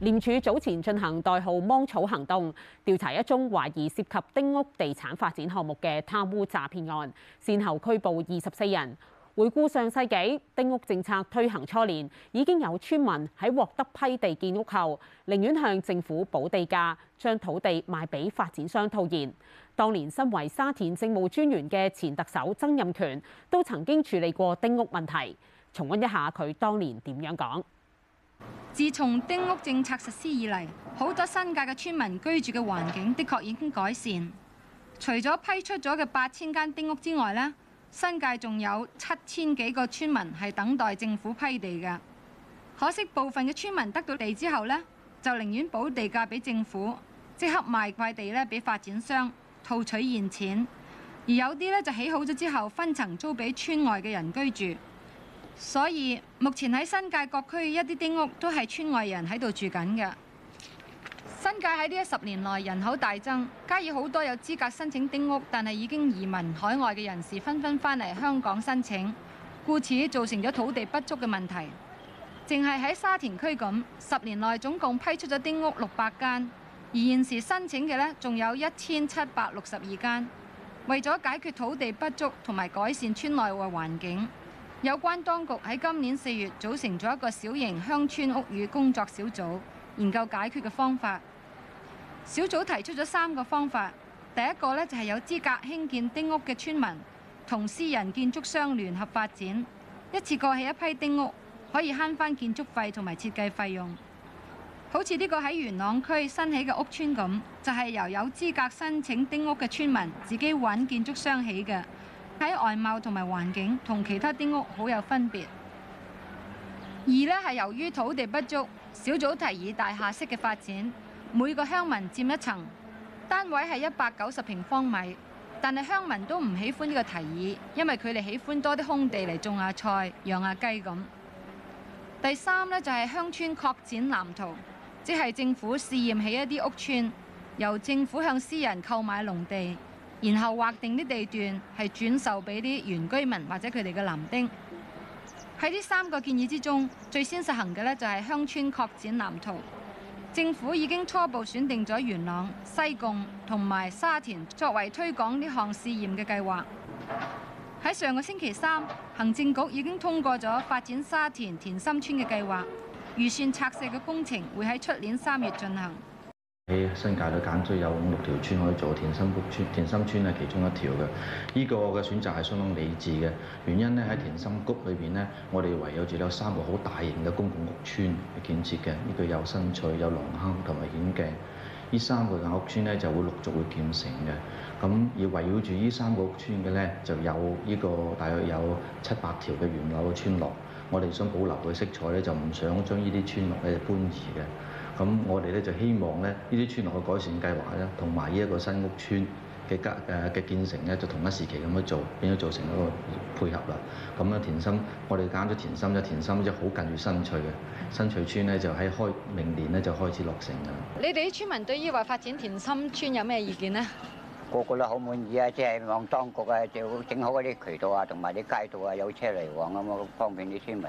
廉署早前進行代號「芒草行動」，調查一宗懷疑涉，涉及丁屋地產發展項目嘅貪污詐騙案，先後拘捕二十四人。回顧上世紀，丁屋政策推行初年，已經有村民喺獲得批地建屋後，寧願向政府補地價，將土地賣俾發展商套現。當年身為沙田政務專員嘅前特首曾蔭權，都曾經處理過丁屋問題。重溫一下佢當年點樣講。自從丁屋政策實施以嚟，好多新界嘅村民居住嘅環境，的確已經改善。除咗批出咗嘅八千間丁屋之外，呢新界仲有七千幾個村民係等待政府批地嘅。可惜部分嘅村民得到地之後呢，就寧願補地價俾政府，即刻賣塊地呢俾發展商，套取現錢，而有啲呢，就起好咗之後，分層租俾村外嘅人居住。所以目前喺新界各區一啲丁屋都係村外人喺度住緊嘅。新界喺呢一十年內人口大增，加以好多有資格申請丁屋但係已經移民海外嘅人士紛紛翻嚟香港申請，故此造成咗土地不足嘅問題。淨係喺沙田區咁，十年內總共批出咗丁屋六百間，而現時申請嘅咧仲有一千七百六十二間，為咗解決土地不足同埋改善村內外環境。有關當局喺今年四月組成咗一個小型鄉村屋宇工作小組，研究解決嘅方法。小組提出咗三個方法。第一個呢，就係有資格興建丁屋嘅村民，同私人建築商聯合發展，一次過起一批丁屋，可以慳返建築費同埋設計費用。好似呢個喺元朗區新起嘅屋村咁，就係由有資格申請丁屋嘅村民自己揾建築商起嘅。喺外貌同埋環境同其他啲屋好有分別。二呢係由於土地不足，小組提議大廈式嘅發展，每個鄉民佔一層，單位係一百九十平方米，但係鄉民都唔喜歡呢個提議，因為佢哋喜歡多啲空地嚟種下菜、養下雞咁。第三呢就係鄉村擴展藍圖，即係政府試驗起一啲屋邨，由政府向私人購買農地。然後劃定啲地段係轉售俾啲原居民或者佢哋嘅男丁。喺呢三個建議之中，最先實行嘅呢就係鄉村擴展藍圖。政府已經初步選定咗元朗、西貢同埋沙田作為推廣呢項試驗嘅計劃。喺上個星期三，行政局已經通過咗發展沙田田心村嘅計劃。預算拆卸嘅工程會喺出年三月進行。喺新界都揀咗有五六條村可以做，田心屋村、田心村係其中一條嘅。呢個嘅選擇係相當理智嘅，原因呢，喺田心谷裏邊呢，我哋圍繞住有三個好大型嘅公共屋村去建設嘅，呢個有新翠、有隆亨同埋顯徑。呢三個屋村呢，就會陸續會建成嘅。咁而圍繞住呢三個屋村嘅呢，就有呢個大約有七八條嘅原有嘅村落，我哋想保留嘅色彩呢，就唔想將呢啲村落咧搬移嘅。咁我哋咧就希望咧，呢啲村落嘅改善計劃咧，同埋呢一個新屋村嘅家誒嘅、呃、建成咧，就同一時期咁樣做，先至造成一個配合啦。咁、嗯、咧，田心，我哋揀咗田心，咗田心就好近住新翠嘅，新翠村咧就喺開明年咧就開始落成㗎啦。你哋啲村民對於話發展田心村有咩意見呢？個個都好滿意啊！即係望當局啊，就整好嗰啲渠道啊，同埋啲街道啊，有車嚟往啊嘛，咁樣方便啲村民。